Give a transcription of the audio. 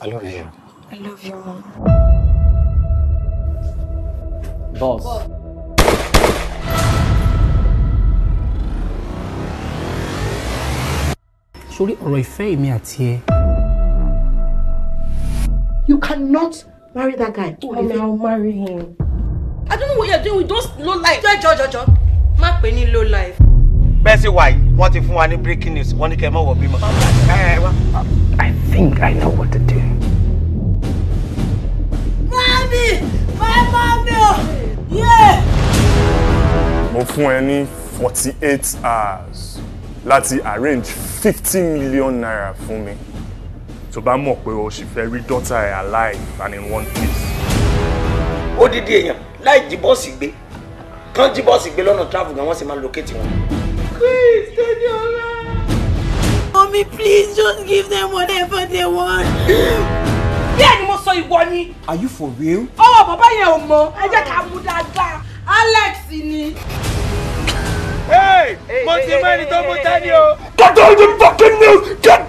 I love you. I love you, mom. Boss. Boss. sórí ọ̀rọ̀ ìfẹ́ èmi àti ẹ. You cannot marry that guy. Ọmọ oh, I'll marry him. I don't know what you're doing with those low life. Jọ jọ jọ jọ, má pè ní low life. Bẹ́ẹ̀ sì wà yìí, wọ́n ti fún wa ní breaking news, wọ́n ní kẹ́ ẹ mọ̀ wọ̀ bímọ. I think I know what fún forty eight hours láti arrange fifty million naira fún mi tó bá mọ̀ pé o sì fẹ́ rí dọ́tà ẹ̀ alive and in one piece. odidi èèyàn láì jí bọ́ọ̀sì gbé kán jí bọ́ọ̀sì gbé lọ́nà travel gan wọ́n sì máa locate wọn. Chris Tẹ́niọ́lá. Mommy please just give them whatever they want. bẹ́ẹ̀ ni mo sọ ìwọ ni. are you for real. ọwọ́ bàbá yẹn ò mọ ẹ jẹ́ ká mú dáadáa. mo ti mọ ẹni tó mú tání Get all the fucking news! Get